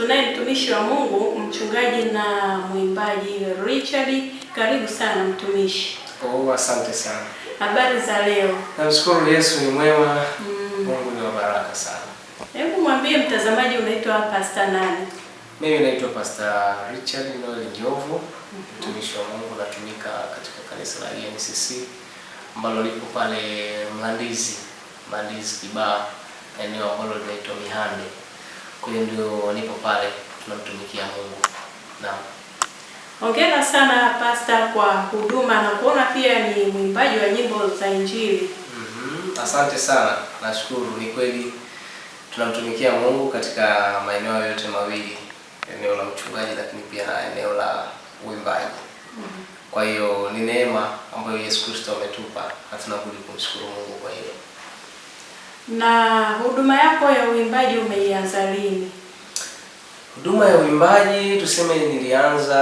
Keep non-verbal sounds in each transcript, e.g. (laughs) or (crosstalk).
tunaye mtumishi wa Mungu, mchungaji na mwimbaji Richard. Karibu sana mtumishi. Oh, asante sana. Habari za leo? Namshukuru Yesu ni mwema. Mm. Mungu ni wa baraka sana. Hebu mwambie mtazamaji unaitwa Pastor nani? Mimi naitwa Pastor Richard Noel Njovu, mtumishi wa Mungu natumika katika kanisa la ENCC ambalo lipo pale Mlandizi, Mlandizi Kibaa, eneo ambalo linaitwa Mihande. Kwa hiyo ndio nipo pale, tunamtumikia Mungu. Naam. Hongera sana pasta kwa huduma na kuona pia ni mwimbaji wa nyimbo za Injili. Mm -hmm. Asante sana, nashukuru. Ni kweli tunamtumikia Mungu katika maeneo yote mawili, eneo la uchungaji lakini pia na eneo la uimbaji. Mm -hmm. Kwa hiyo ni neema ambayo Yesu Kristo ametupa hatuna budi kumshukuru Mungu kwa hiyo. Na huduma yako ya uimbaji umeianza lini? Huduma ya uimbaji tuseme, nilianza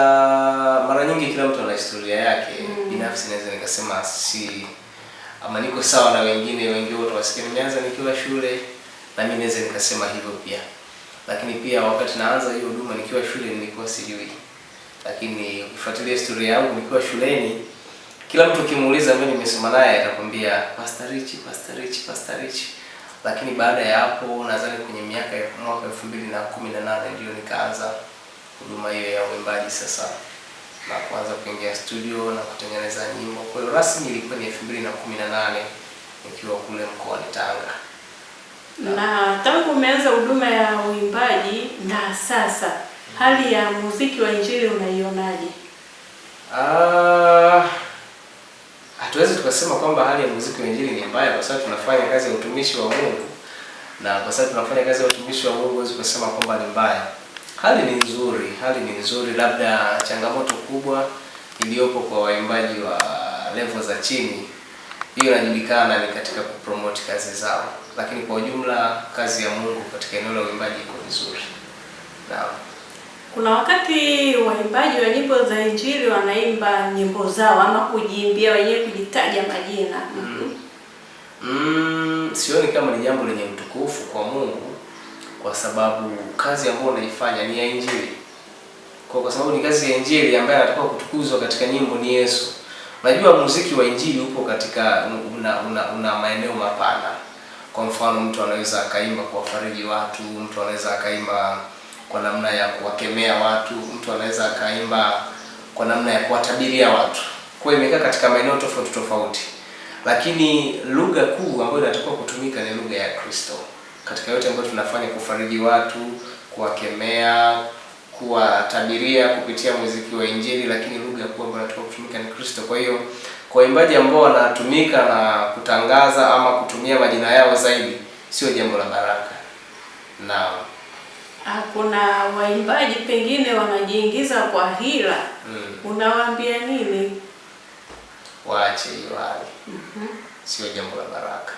mara nyingi, kila mtu ana historia yake mm. Binafsi naweza nikasema si ama niko sawa na wengine, wengi wote wasikia nimeanza nikiwa shule, na mimi naweza nikasema hivyo pia. Lakini pia wakati naanza hiyo huduma nikiwa shule nilikuwa sijui, lakini ukifuatilia historia yangu nikiwa shuleni, kila mtu ukimuuliza mimi nimesoma naye atakwambia Pastor Rich, Pastor Rich, Pastor Rich lakini baada ya hapo nadhani kwenye miaka mwaka elfu mbili na kumi na nane ndio nikaanza huduma hiyo ya uimbaji sasa na kuanza kuingia studio na kutengeneza nyimbo. Kwa hiyo rasmi ilikuwa ni elfu mbili na kumi na nane nikiwa kule mkoani Tanga. Na tangu umeanza huduma ya uimbaji na sasa hali ya muziki wa injili unaionaje? Ah, hatuwezi tukasema kwamba hali ya muziki wa injili ni mbaya, kwa sababu tunafanya kazi ya utumishi wa Mungu, na kwa sababu tunafanya kazi ya utumishi wa Mungu huwezi kusema kwamba ni mbaya. Hali ni nzuri, hali ni nzuri. Labda changamoto kubwa iliyopo kwa waimbaji wa level za chini, hiyo inajulikana ni katika kupromote kazi zao, lakini kwa ujumla kazi ya Mungu katika eneo la uimbaji iko vizuri. Naam. Kuna wakati waimbaji wa nyimbo za Injili wanaimba nyimbo zao ama kujiimbia wenyewe, kujitaja majina mm. Mm, sioni kama ni jambo lenye utukufu kwa Mungu, kwa sababu kazi ambayo unaifanya ni ya Injili. Kwa kwa sababu ni kazi ya Injili ambayo anatakiwa kutukuzwa katika nyimbo ni Yesu. Unajua muziki wa Injili upo katika una, una, una maeneo mapana. Kwa mfano mtu anaweza akaimba kuwafariji watu, mtu anaweza akaimba kwa namna ya kuwakemea watu, mtu anaweza akaimba kwa namna ya kuwatabiria watu, kwa imekaa katika maeneo tofauti tofauti, lakini lugha kuu ambayo inatakiwa kutumika ni lugha ya Kristo katika yote ambayo tunafanya, kufariji watu, kuwakemea, kuwatabiria kupitia muziki wa Injili, lakini lugha kuu ambayo inatakiwa kutumika ni Kristo. Kwa hiyo kwa waimbaji ambao wanatumika na kutangaza ama kutumia majina yao zaidi, sio jambo la baraka na kuna waimbaji pengine wanajiingiza kwa hila mm. Unawaambia nini? Waache wale mm -hmm. Sio jambo la baraka,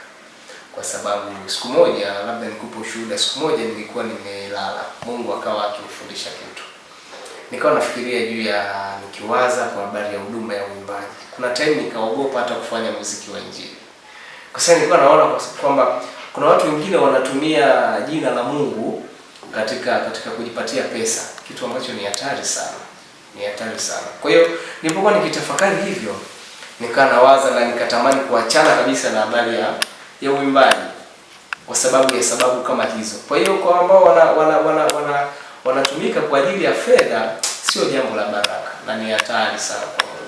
kwa sababu siku moja, labda nikupe ushuhuda. Siku moja nilikuwa nimelala, Mungu akawa akifundisha kitu, nikawa nafikiria juu ya, nikiwaza kwa habari ya huduma ya uimbaji. Kuna time nikaogopa hata kufanya muziki wa Injili, kwa sababu nilikuwa naona kwamba kuna watu wengine wanatumia jina la Mungu katika katika kujipatia pesa, kitu ambacho ni hatari sana, ni hatari sana. Kwa hiyo nilipokuwa nikitafakari hivyo, nikanawaza na nikatamani kuachana kabisa na habari ya ya uimbaji kwa sababu ya sababu kama hizo. Kwa hiyo kwa ambao wana wana wana wana wanatumika kwa ajili ya fedha, sio jambo la baraka na ni hatari sana kwa Mungu.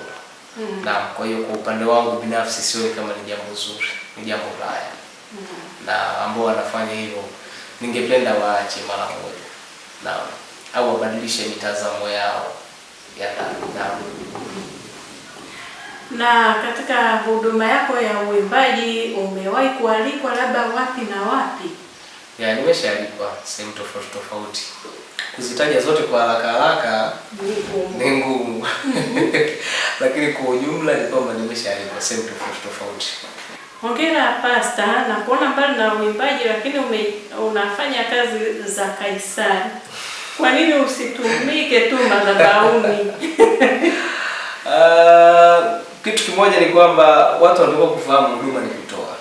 Mm. Mm-hmm. Na kwa hiyo kwa upande wangu binafsi sioni kama ni jambo zuri, ni jambo baya. Mm. Na ambao wanafanya hivyo ningependa waache mara moja, na au wabadilishe mitazamo yao ya na Na katika huduma yako ya uimbaji umewahi kualikwa labda wapi na wapi? Ya, nimeshaalikwa sehemu tofauti tofauti, kuzitaja zote kwa haraka haraka ni ngumu, (laughs) lakini kwa ujumla ni kwamba nimeshaalikwa sehemu tofauti tofauti. Hongera pasta, na kuona mbali na uimbaji, lakini ume, unafanya kazi za Kaisari. Kwa nini usitumike tu madhabahuni? (laughs) Uh, kitu kimoja ni kwamba watu wanataka kufahamu huduma ni kutoa,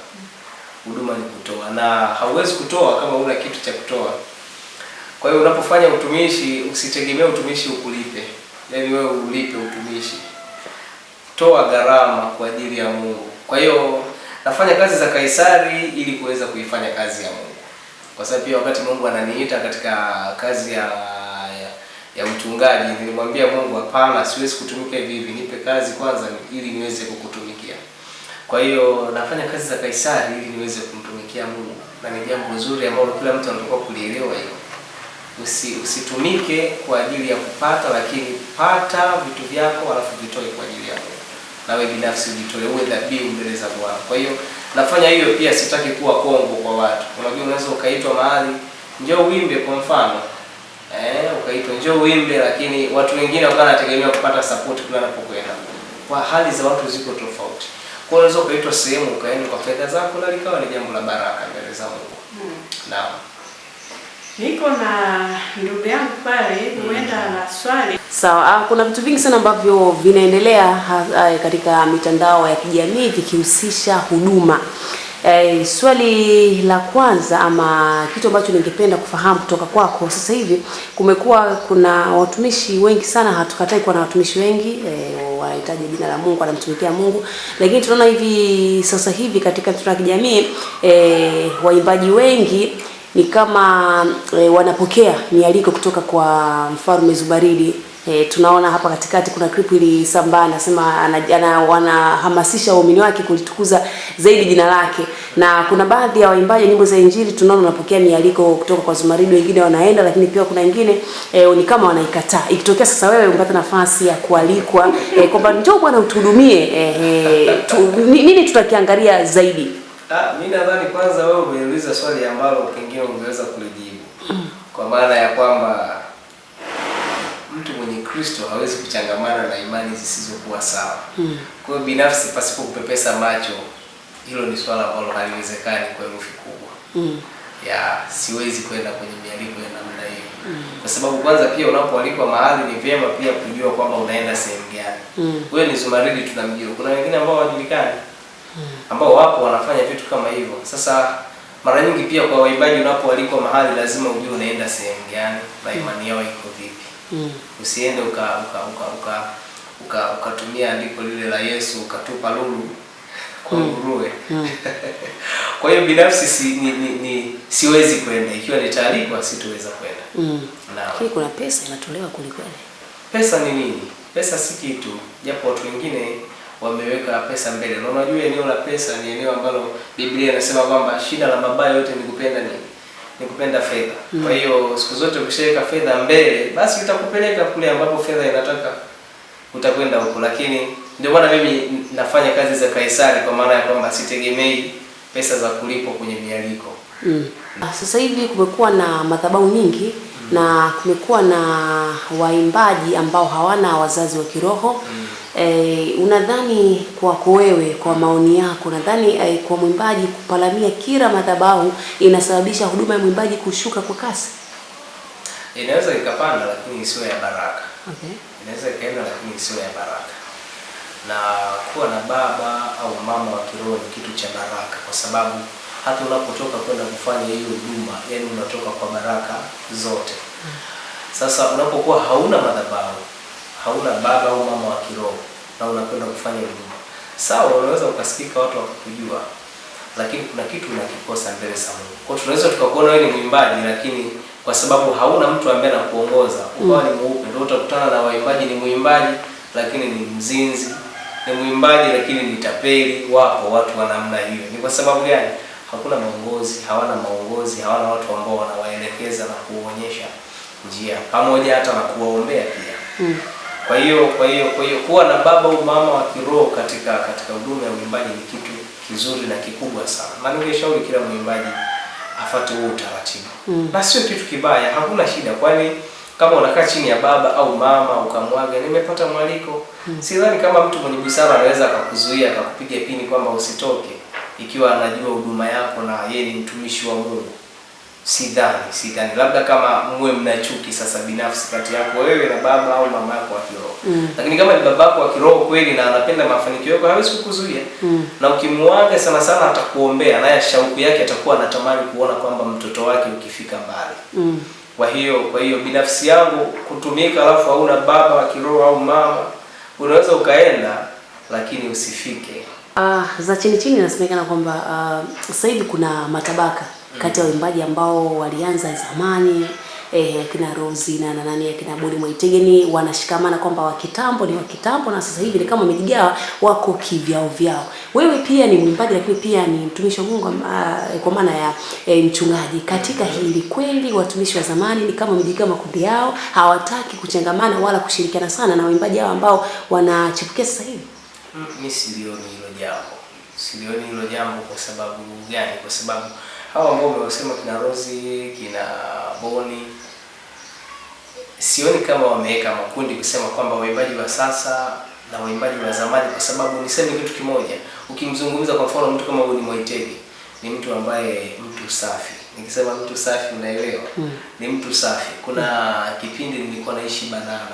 huduma ni kutoa, na hauwezi kutoa kama una kitu cha kutoa. Kwa hiyo unapofanya utumishi, usitegemee utumishi ukulipe, yaani wewe ulipe utumishi. Toa gharama kwa ajili ya Mungu. Kwa hiyo nafanya kazi za Kaisari ili kuweza kuifanya kazi ya Mungu, kwa sababu pia wakati Mungu ananiita katika kazi ya ya ya mchungaji nilimwambia Mungu, hapana, siwezi kutumika hivi hivi, nipe kazi kwanza ili niweze kukutumikia. Kwa hiyo nafanya kazi za Kaisari ili niweze kumtumikia Mungu, na ni jambo zuri ambalo kila mtu anatakiwa kulielewa hilo. Usi, usitumike kwa ajili ya kupata, lakini pata vitu vyako alafu vitoe kwa ajili ya Mungu na wewe binafsi ujitoe, uwe dhabihu mbele za Bwana. Kwa hiyo nafanya hiyo pia, sitaki kuwa kongo kwa watu. Unajua, unaweza ukaitwa mahali njoo uimbe kwa mfano eh, ukaitwa njoo uimbe, lakini watu wengine wakawa wanategemea kupata support kule anapokwenda. Kwa hali za watu ziko tofauti, kwa unaweza ukaitwa sehemu ukaenda kwa fedha zako, na likawa ni jambo la baraka mbele za Mungu. Hmm. Naam. Niko na ndugu yangu pale huenda mm. na swali. Sawa, so, ah, kuna vitu vingi sana ambavyo vinaendelea ah, katika mitandao ya kijamii vikihusisha huduma. E, swali la kwanza ama kitu ambacho ningependa kufahamu kutoka kwako, sasa hivi kumekuwa kuna watumishi wengi sana, hatukatai kuwa na watumishi wengi e, wanahitaji jina la Mungu, anamtumikia Mungu, lakini tunaona hivi sasa hivi katika mitandao ya kijamii e, waimbaji wengi ni kama e, wanapokea mialiko kutoka kwa Mfalme Zumaridi. E, eh, tunaona hapa katikati kuna clip ilisambaa, anasema wanahamasisha waumini wake kulitukuza zaidi jina lake, na kuna baadhi ya waimbaji nyimbo za Injili tunaona wanapokea mialiko kutoka kwa Zumaridi, wengine wanaenda, lakini pia kuna wengine e, eh, ni kama wanaikataa. Ikitokea sasa wewe umepata nafasi ya kualikwa e, kwamba njoo bwana utuhudumie e, tu, nini tutakiangalia zaidi? Ah, mimi nadhani kwanza wewe umeuliza swali ambalo pengine ungeweza kulijibu kwa maana ya kwamba mtu mwenye Kristo hawezi kuchangamana na imani zisizokuwa sawa. Hmm. Kwa hiyo binafsi, pasipo kupepesa macho, hilo ni swala ambalo haliwezekani kwa herufi kubwa. Hmm. Ya siwezi kwenda kwenye mialiko ya namna hiyo. Hmm. Kwa sababu kwanza pia unapoalikwa mahali ni vyema pia kujua kwamba unaenda sehemu gani. Wewe ni Zumaridi tunamjua. Kuna wengine ambao hawajulikani ambao wapo wanafanya vitu kama hivyo. Sasa mara nyingi pia kwa waimbaji, unapoalikwa mahali lazima ujue unaenda sehemu gani na mm. imani yao iko vipi. Mm. Usiende uka uka uka uka uka ukatumia andiko lile la Yesu ukatupa lulu kwa mm. nguruwe. (laughs) kwa hiyo binafsi si, ni, ni, ni siwezi kwenda ikiwa nitaalikwa sitoweza kwenda. Mm. kuna pesa inatolewa kulikweli? pesa ni nini? Pesa si kitu, japo watu wengine wameweka pesa mbele, na unajua eneo la pesa ni eneo ambalo Biblia inasema kwamba shida la mabaya yote ni kupenda ni Ni kupenda fedha. Mm. Kwa hiyo siku zote ukishaweka fedha mbele, basi itakupeleka kule ambapo fedha inataka utakwenda huko, lakini ndio maana mimi nafanya kazi za Kaisari kwa maana ya kwamba sitegemei pesa za kulipo kwenye mialiko. Mm. Ah, sasa hivi kumekuwa na madhabahu mingi na kumekuwa na waimbaji ambao hawana wazazi wa kiroho mm. E, unadhani kwako wewe, kwa maoni yako, unadhani e, kwa mwimbaji kupalamia kila madhabahu inasababisha huduma ya mwimbaji kushuka kwa kasi? Inaweza ikapanda lakini sio ya baraka. Okay. Inaweza ikaenda lakini sio ya baraka, na kuwa na baba au mama wa kiroho ni kitu cha baraka kwa sababu hata unapotoka kwenda kufanya hiyo huduma, yani unatoka kwa baraka zote. Sasa unapokuwa hauna madhabahu, hauna baba au mama wa kiroho na unakwenda kufanya huduma, sawa, unaweza ukasikika watu wakakujua, lakini kuna kitu unakikosa mbele za Mungu. Kwa tunaweza tukakuona wewe ni mwimbaji, lakini kwa sababu hauna mtu ambaye anakuongoza, ukawa ni mweupe, ndio utakutana na waimbaji, ni mwimbaji lakini ni mzinzi, ni mwimbaji lakini ni tapeli. Wapo watu wa namna hiyo. Ni kwa sababu gani? hakuna maongozi, hawana maongozi, hawana watu ambao wanawaelekeza na kuonyesha njia pamoja hata na kuwaombea pia mm. Kwa hiyo kwa hiyo kwa hiyo kuwa na baba au mama wa kiroho katika katika huduma ya uimbaji ni kitu kizuri na kikubwa sana, na ningeshauri kila mwimbaji afuate huo utaratibu mm. na sio kitu kibaya, hakuna shida, kwani kama unakaa chini ya baba au mama ukamwaga nimepata mwaliko mm. sidhani kama mtu mwenye busara anaweza akakuzuia akakupiga pini kwamba usitoke ikiwa anajua huduma yako na yeye ni mtumishi wa Mungu. Sidhani, sidhani, labda kama mwe mna chuki sasa binafsi kati yako wewe na baba au mama yako wa kiroho mm. Lakini kama ni babako wa kiroho kweli na anapenda mafanikio yako, hawezi kukuzuia mm. Na ukimwaga sana sana, atakuombea naye, shauku yake atakuwa anatamani kuona kwamba mtoto wake ukifika mbali mm. Kwa hiyo kwa hiyo binafsi yangu kutumika, alafu hauna baba wa kiroho au mama, unaweza ukaenda lakini usifike. Uh, za chini chini inasemekana kwamba uh, sasa hivi kuna matabaka kati ya mm. waimbaji ambao walianza zamani eh, akina Rozi na na nani akina Bodi Mwitegeni wanashikamana kwamba wa kitambo ni wa kitambo na sasa hivi ni kama wamejigawa wako kivyao vyao. Wewe pia ni mwimbaji lakini pia ni mtumishi wa Mungu uh, kwa maana ya eh, mchungaji. Katika mm. hili kweli watumishi wa zamani ni kama wamejigawa makundi yao, hawataki kuchangamana wala kushirikiana sana na waimbaji hao ambao wanachipukia sasa hivi mi silioni hilo jambo, silioni hilo jambo. Kwa sababu gani? Kwa sababu hawa ambao umewasema kina Rozi kina Boni sioni kama wameweka makundi kusema kwamba waimbaji wa sasa na waimbaji wa zamani, kwa sababu niseme kitu kimoja. Ukimzungumza kwa mfano mtu kama Boni Mwitegi ni mtu ambaye mtu safi. Nikisema mtu safi, unaelewa mm. Ni mtu safi. Kuna kipindi nilikuwa naishi Banana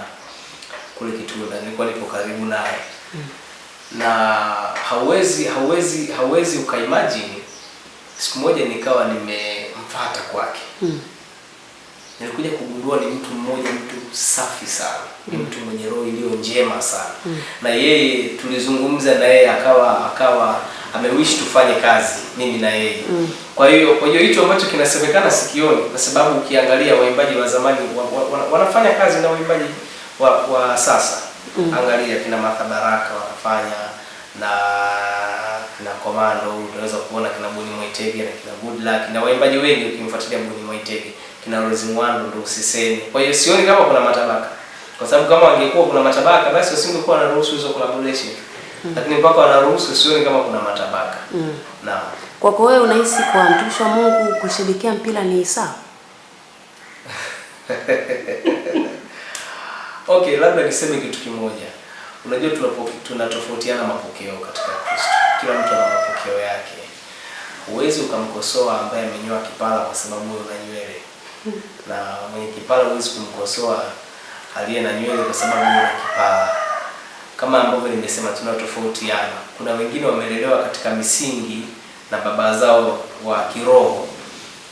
kule Kitunda, nilikuwa nipo karibu naye na hauwezi hauwezi hauwezi ukaimagine, siku moja nikawa nimemfuata kwake mm. Nilikuja kugundua ni mtu mmoja, mtu safi sana, ni hmm. mtu mwenye roho iliyo njema sana mm. na yeye tulizungumza na yeye akawa akawa amewish tufanye kazi mimi na yeye mm. kwa hiyo kwa hiyo hicho ambacho kinasemekana sikioni, kwa sababu ukiangalia waimbaji wa zamani wa, wa, wa, wanafanya kazi na waimbaji wa, wa sasa mm. Angalia kina Martha Baraka wanafanya na kina Komando, unaweza kuona kina Buni Mwaitege na kina Good Luck na waimbaji wengi, ukimfuatilia Buni Mwaitege, kina Rose Muhando ndio usiseni. Kwa hiyo sioni kama kuna matabaka, kwa sababu kama wangekuwa kuna matabaka basi usingekuwa na ruhusa hizo collaboration mm. Lakini mpaka wanaruhusu, sioni kama kuna matabaka mm. na kwa kwa wewe unahisi kwa mtumishi wa Mungu kushirikia mpira ni sawa? (laughs) Okay, labda niseme kitu kimoja. Unajua tunatofautiana mapokeo katika Kristo. Kila mtu ana mapokeo yake. Huwezi ukamkosoa ambaye amenyoa kipara kwa sababu una nywele. Na mwenye kipara huwezi kumkosoa aliye na nywele kwa sababu ana kipara. Kama ambavyo nimesema tunatofautiana. Kuna wengine wamelelewa katika misingi na baba zao wa kiroho.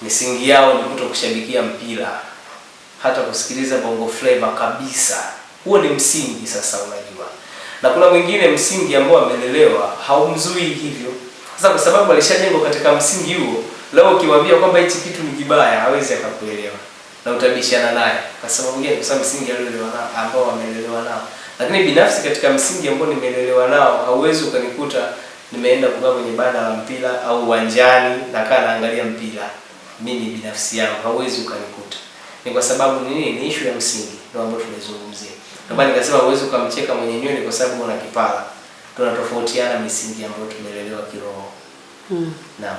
Misingi yao ni kuto kushabikia mpira hata kusikiliza bongo flavor kabisa. Huo ni msingi sasa, unajua. Na kuna mwingine msingi ambao amelelewa haumzui hivyo. Sasa kwa sababu alishajengwa katika msingi huo, leo ukimwambia kwamba hichi kitu ni kibaya, hawezi akakuelewa na utabishana naye kwa sababu gani? Kwa sababu msingi alielewa nao ambao amelelewa nao. Lakini binafsi katika msingi ambao nimelelewa nao, hauwezi ukanikuta nimeenda kukaa kwenye banda la mpira au uwanjani na kaa naangalia mpira. Mimi binafsi yangu hauwezi ukanikuta ni kwa sababu nini? Ni ishu ya msingi ndio ambayo tunaizungumzia. Ndio maana nikasema huwezi ukamcheka mwenye nywele kwa sababu una kipara. Tunatofautiana misingi ambayo tumelelewa kiroho. Mm. Naam.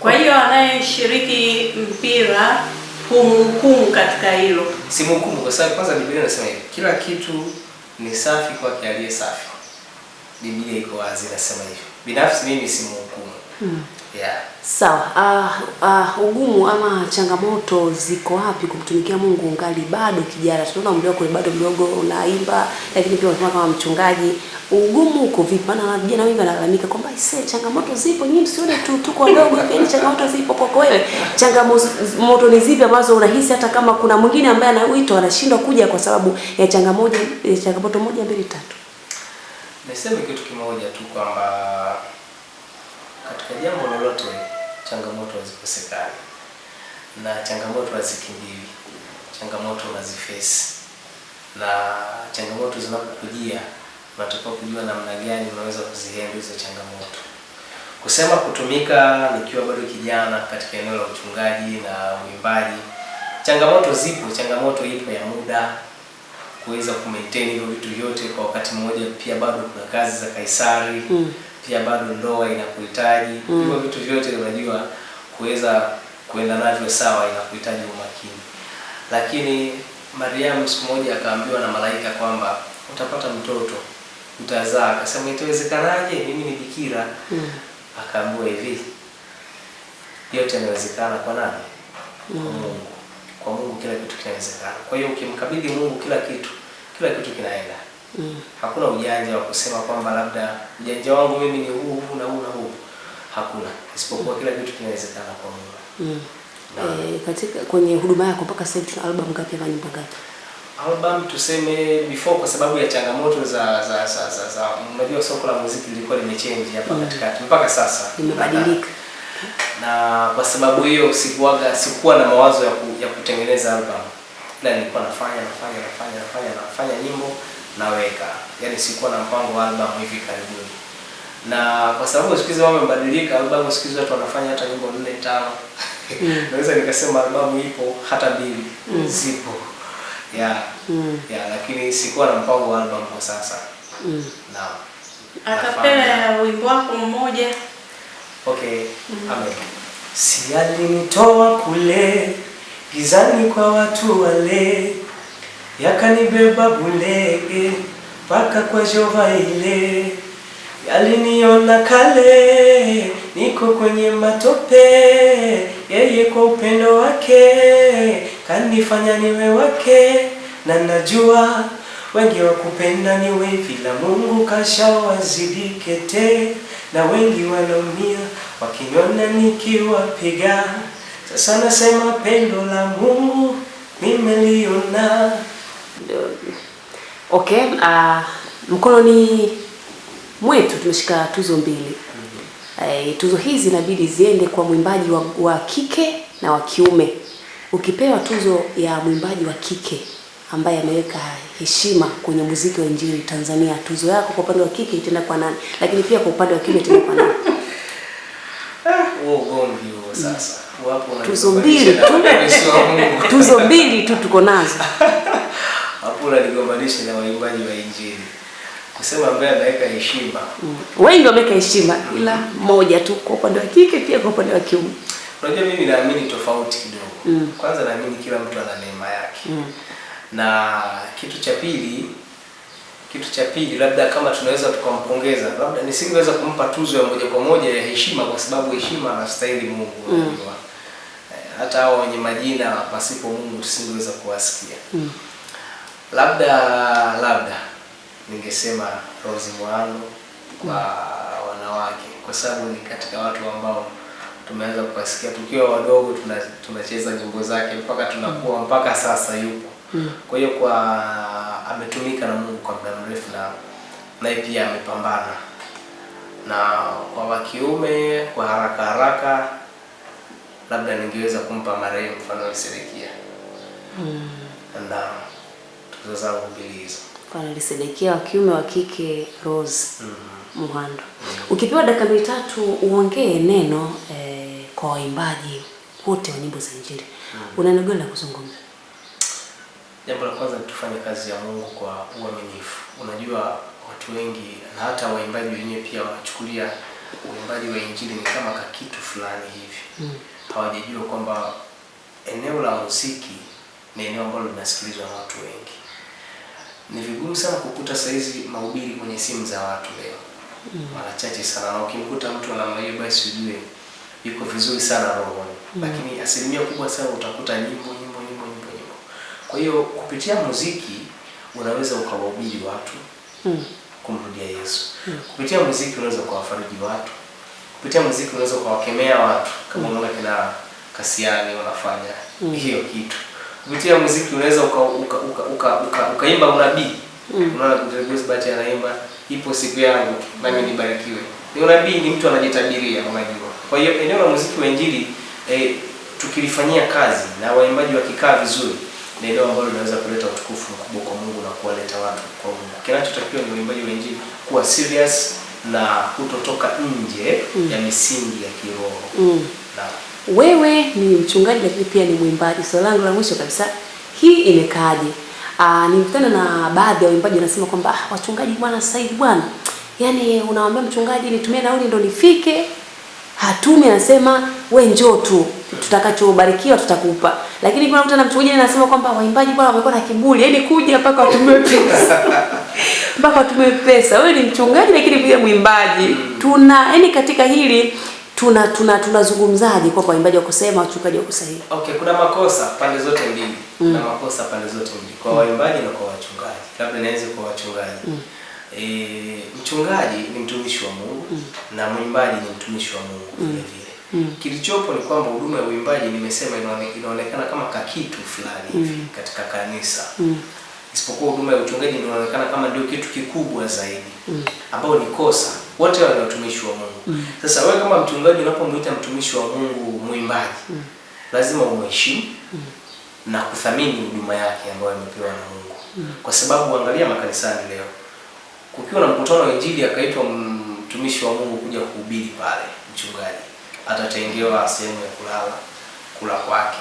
Kwa hiyo anayeshiriki mpira humhukumu katika hilo? Simhukumu kwa sababu kwanza Biblia inasema hivi, kila kitu ni safi kwake aliye safi. Biblia iko wazi inasema hivyo. Binafsi mimi simhukumu. Mm. Yeah. Sawa. Uh, uh, ugumu ama changamoto ziko wapi kumtumikia Mungu ngali bado kijana? Tunaona umri wako bado mdogo, unaimba lakini pia unasema kama mchungaji. Ugumu uko vipi? Maana vijana wengi wanalalamika kwamba ise changamoto zipo, nyinyi msione tu tuko wadogo, lakini changamoto zipo kwa kweli. Changamoto ni zipi ambazo unahisi hata kama kuna mwingine ambaye anawito anashindwa kuja kwa sababu ya changamoto ya changamoto moja mbili tatu? Niseme kitu kimoja tu kwamba katika jambo lolote changamoto hazikosekani, na changamoto hazikimbiwi, changamoto unazifesi, na changamoto zinapokujia unatakiwa kujua namna gani unaweza kuzihandle hizo changamoto. Kusema kutumika nikiwa bado kijana katika eneo la uchungaji na uimbaji, changamoto zipo, changamoto ipo ya muda kuweza kumaintain hivyo vitu vyote kwa wakati mmoja. Pia bado kuna kazi za Kaisari mm pia bado ndoa inakuhitaji mm. Hivyo vitu vyote unajua kuweza kuenda navyo sawa inakuhitaji umakini. Lakini Mariamu siku moja akaambiwa na malaika kwamba utapata mtoto utazaa, akasema itawezekanaje? Mimi ni bikira mm. Akaambiwa hivi, yote inawezekana kwa nani? Mm. Kwa Mungu. Kwa Mungu kila kitu kinawezekana. Kwa hiyo ukimkabidhi Mungu kila kitu, kila kitu kinaenda mm. Hakuna ujanja wa kusema kwamba labda ujanja wangu mimi ni huu huu na huu na huu, hakuna, isipokuwa kila kitu kinawezekana kwa Mungu. Mm. Eh, katika kwenye huduma yako mpaka sasa tuna album ngapi na nyimbo ngapi? Album tuseme before, kwa sababu ya changamoto za za za za, za unajua soko la muziki lilikuwa limechange hapa mm. katikati mpaka sasa limebadilika na kwa sababu hiyo sikuwaga sikuwa na mawazo ya, ku, ya kutengeneza album, ila nilikuwa nafanya nafanya nafanya nafanya nafanya nyimbo na naweka, yani sikuwa na mpango wa albamu hivi karibuni, na kwa sababu siku hizi wamebadilika, albamu siku hizi watu wanafanya hata nyimbo nne tano mm. (laughs) naweza nikasema albamu ipo hata mbili mm. zipo yeah. Mm. yeah, lakini sikuwa na mpango wa albamu kwa sasa mm. na akapela wimbo wako mmoja okay mm. amen si alinitoa kule gizani kwa watu wale yakanibeba Bulege mpaka kwa Jova ile, yaliniona kale niko kwenye matope, yeye kwa upendo wake kanifanya niwe wake, na najua wengi wakupenda niwe vila la Mungu kashawazidi kete, na wengi wanaumia wakiniona nikiwapiga. Sasa nasema pendo la Mungu nimeliona. Eh, okay. Uh, mkononi mwetu tumeshika tuzo mbili. Uh, tuzo hizi inabidi ziende kwa mwimbaji wa, wa kike na wa kiume. Ukipewa tuzo ya mwimbaji wa kike ambaye ameweka heshima kwenye muziki wa injili Tanzania, tuzo yako kwa upande wa kike itaenda kwa nani? Lakini pia kwa upande wa kiume itaenda kwa nani? (laughs) Tuzo mbili (laughs) tu, tuzo mbili tu tuko nazo. (laughs) Mapula aligombanisha na waimbaji wa Injili kusema ambaye anaweka heshima mm. Wengi wameweka heshima mm. ila moja tu kwa upande wa kike, pia kwa upande wa kiume. Unajua, mimi naamini tofauti kidogo mm. Kwanza naamini kila mtu ana neema yake mm. na kitu cha pili kitu cha pili, labda kama tunaweza tukampongeza, labda nisingeweza kumpa tuzo ya moja kwa moja ya heshima, kwa sababu heshima anastahili Mungu mm. Eh, hata hao wenye majina pasipo Mungu singeweza kuwasikia mm. Labda labda ningesema Rose Muhando kwa wanawake, kwa sababu ni katika watu ambao tumeanza kuwasikia tukiwa wadogo, tunacheza tuna nyimbo zake mpaka tunakuwa mpaka sasa yupo. Hmm. Kwa hiyo kwa ametumika na Mungu kwa muda mrefu, na naye pia amepambana na kwa wakiume kwa haraka haraka, labda ningeweza kumpa marehemu mfano Sedekia. Mm za zangu mbili hizo. Kwa nilisedekia wa kiume wa kike Rose mhm. Muhando. mm -hmm. Ukipewa dakika mbili tatu uongee neno eh, kwa waimbaji wote wa nyimbo za Injili mm -hmm. una neno gani la kuzungumza? Jambo la kwanza tufanye kazi ya Mungu kwa uaminifu. Unajua watu wengi na hata waimbaji wenyewe pia wanachukulia uimbaji wa injili ni kama kakitu fulani hivi mm. Hawajajua kwamba eneo la muziki ni eneo ambalo linasikilizwa na watu wengi. Ni vigumu sana kukuta saizi mahubiri kwenye simu za watu leo, mm. mara chache sana, na ukimkuta mtu namna hiyo, basi ujue yuko vizuri sana rohoni, hmm. lakini asilimia kubwa sana utakuta nyimbo nyimbo nyimbo nyimbo nyimbo. Kwa hiyo kupitia muziki unaweza ukawahubiri watu mm. kumrudia Yesu mm. kupitia muziki unaweza ukawafariji watu, kupitia muziki unaweza ukawakemea watu, kama hmm. unaona kina Kasiani wanafanya mm. hiyo kitu kupitia muziki unaweza uka uka uka uka ukaimba uka unabii. Mm. Bahati anaimba ipo siku yangu nami nibarikiwe. Ni unabii, ni mtu anajitabiria, unajua. Kwa hiyo eneo la muziki wa injili eh, tukilifanyia kazi na waimbaji wakikaa vizuri ni eneo ambalo linaweza kuleta utukufu mkubwa kwa Mungu na kuwaleta watu kwa Mungu. Kinachotakiwa ni waimbaji wa injili kuwa serious na kutotoka nje mm. ya misingi ya kiroho. Mm. Na wewe ni mchungaji lakini pia ni mwimbaji. Swali langu la mwisho kabisa, hii imekaaje? Ah, nilikutana na baadhi ya waimbaji wanasema kwamba ah, wachungaji bwana sasa hivi bwana. Yaani unawaambia mchungaji nitumie nauli ndo nifike. Hatumi anasema we njoo tu. Tutakachobarikiwa tutakupa. Lakini kuna mtu anamchungaji anasema kwamba waimbaji bwana wamekuwa na kiburi. Yaani kuja mpaka watumie pesa. (laughs) Mpaka watumie pesa. Wewe ni mchungaji lakini pia mwimbaji. Tuna yaani katika hili tuna tuna tunazungumzaje kwa waimbaji wa kusema wachukaji wa kusahihi? Okay, kuna makosa pande zote mbili. Mm. Kuna makosa pande zote mbili kwa mm. waimbaji na kwa wachungaji. Labda naweze kwa wachungaji. Mm. E, mchungaji ni mtumishi wa Mungu mm. na mwimbaji ni mtumishi wa Mungu mm. vile vile. Mm. Kilichopo ni kwamba huduma ya uimbaji nimesema inaonekana kama kakitu fulani hivi mm. katika kanisa. Mm isipokuwa huduma ya uchungaji inaonekana kama ndio kitu kikubwa zaidi mm. ambao ni kosa wote wale watumishi wa Mungu mm. Sasa wewe kama mchungaji unapomuita mtumishi wa Mungu mwimbaji mm. lazima umheshimu mm. na kuthamini huduma yake ambayo amepewa na Mungu mm. kwa sababu angalia makanisani leo, kukiwa na mkutano wa Injili akaitwa mtumishi wa Mungu kuja kuhubiri pale, mchungaji atatengewa sehemu ya kulala kula kwake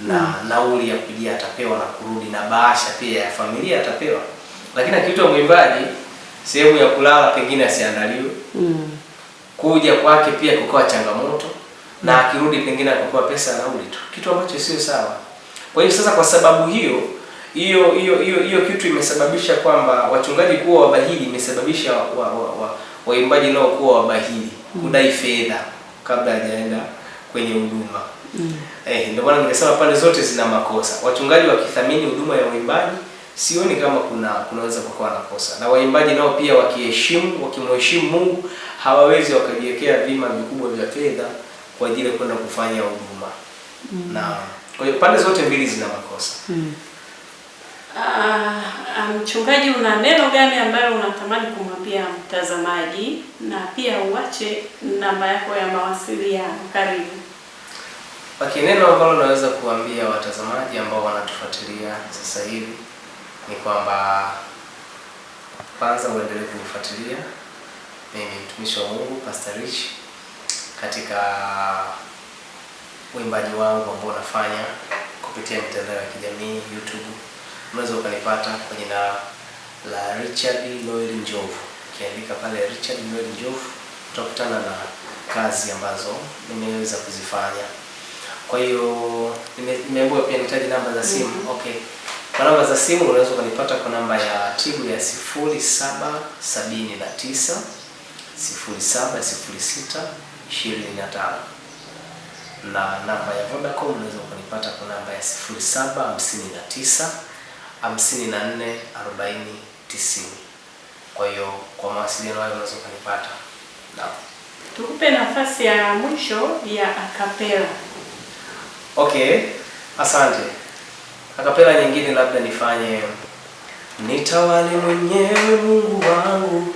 na nauli ya kujia atapewa na kurudi na bahasha pia ya familia atapewa, lakini akiitwa mwimbaji sehemu ya kulala pengine asiandaliwe mm. kuja kwake pia kukawa changamoto mm. na akirudi pengine akapewa pesa na nauli tu, kitu ambacho sio sawa. Kwa hiyo sasa, kwa sababu hiyo hiyo hiyo hiyo hiyo kitu imesababisha kwamba wachungaji kuwa wabahili, imesababisha waimbaji wa, wa, wa nao kuwa wabahili mm. kudai fedha kabla hajaenda kwenye huduma. Mm. Eh, ndio maana nikasema pande zote zina makosa. Wachungaji wakithamini huduma ya waimbaji sioni kama kuna kunaweza kukawa na kosa. Na waimbaji nao pia wakiheshimu, wakimheshimu Mungu hawawezi wakajiwekea vima vikubwa vya fedha kwa ajili ya kwenda kufanya huduma. Mm. Na kwa hiyo pande zote mbili zina makosa. Mm. Uh, mchungaji, una neno gani ambalo unatamani kumwambia mtazamaji, na pia uache namba yako ya mawasiliano? Karibu. Okay, neno ambalo naweza kuambia watazamaji ambao wanatufuatilia sasa hivi ni kwamba kwanza uendelee kunifuatilia. Mimi mtumishi wa Mungu Pastor Rich katika uimbaji wangu ambao nafanya kupitia mitandao ya kijamii YouTube, unaweza ukanipata kwa jina la Richard Noel Njovu. Ukiandika pale Richard Noel Njovu utakutana na kazi ambazo nimeweza kuzifanya. Kwa hiyo nimeambiwa pia nitaje namba za simu. Mm -hmm. Okay. Kwa namba za simu unaweza kunipata kwa namba ya Tigo ya 0779 0706 25 na namba ya Vodacom unaweza kunipata kwa namba ya 0759 54 40 90. Kwa hiyo kwa mawasiliano hayo unaweza kunipata. Naam. Tukupe nafasi ya mwisho ya akapela. Okay, asante. Akapela nyingine labda nifanye, nitawale mwenyewe Mungu wangu,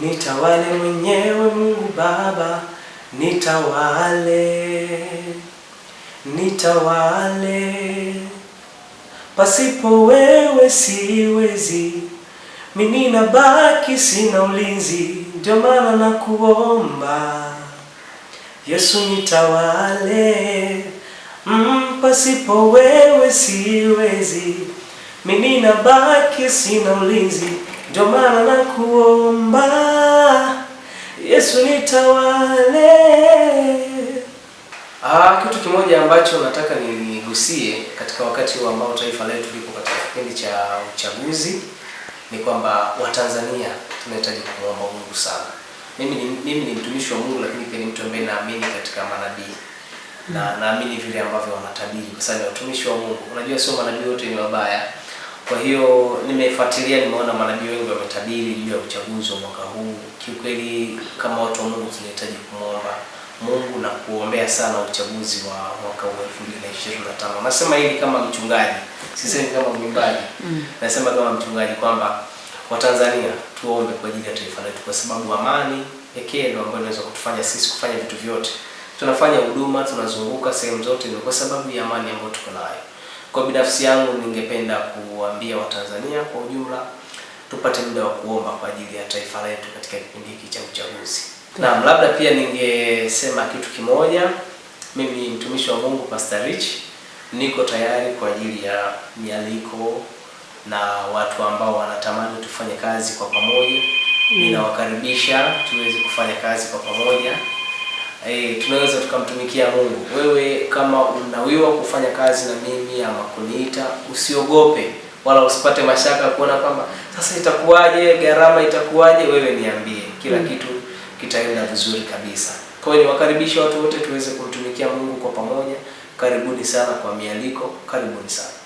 nitawale mwenyewe Mungu Baba, nitawale nitawale, pasipo wewe siwezi, mimi nabaki sina ulinzi, ndio maana nakuomba Yesu nitawale Mm, pasipo wewe siwezi, mimi baki sina ulinzi, ndio maana nakuomba Yesu nitawale. Ah, kitu kimoja ambacho nataka nigusie katika wakati huu ambao taifa letu lipo katika kipindi cha uchaguzi ni kwamba Watanzania tunahitaji kumwomba Mungu sana. Mimi ni, mimi ni mtumishi wa Mungu, lakini pia ni mtu ambaye naamini katika manabii na naamini vile ambavyo wanatabiri, kwa sababu ni watumishi wa Mungu. Unajua, sio manabii wote ni wabaya. Kwa hiyo nimefuatilia, nimeona manabii wengi wametabiri juu ya uchaguzi wa mwaka huu. Kiukweli, kama watu wa Mungu tunahitaji kumwomba Mungu na kuombea sana uchaguzi wa mwaka wa 2025. Nasema hili kama mchungaji, sisemi kama mwimbaji. Mm. Nasema kama mchungaji kwamba Watanzania tuombe kwa ajili ya taifa letu, kwa sababu amani pekee ndio ambayo inaweza kutufanya sisi kufanya vitu vyote tunafanya huduma, tunazunguka sehemu zote, ni kwa sababu ya amani ambayo tuko nayo. Kwa binafsi yangu, ningependa kuambia Watanzania kwa ujumla tupate muda wa kuomba kwa ajili ya taifa letu katika kipindi hiki cha uchaguzi. Naam, labda pia ningesema kitu kimoja. Mimi mtumishi wa Mungu Pastor Rich niko tayari kwa ajili ya mialiko na watu ambao wanatamani tufanye kazi kwa pamoja. Mm. Ninawakaribisha tuweze kufanya kazi kwa pamoja. Hey, tunaweza tukamtumikia Mungu. Wewe kama unawiwa kufanya kazi na mimi ama kuniita, usiogope wala usipate mashaka kuona kwamba sasa itakuwaje, gharama itakuwaje. Wewe niambie, kila mm. kitu kitaenda vizuri kabisa. Kwa hiyo niwakaribisha watu wote tuweze kumtumikia Mungu kwa pamoja. Karibuni sana kwa mialiko, karibuni sana.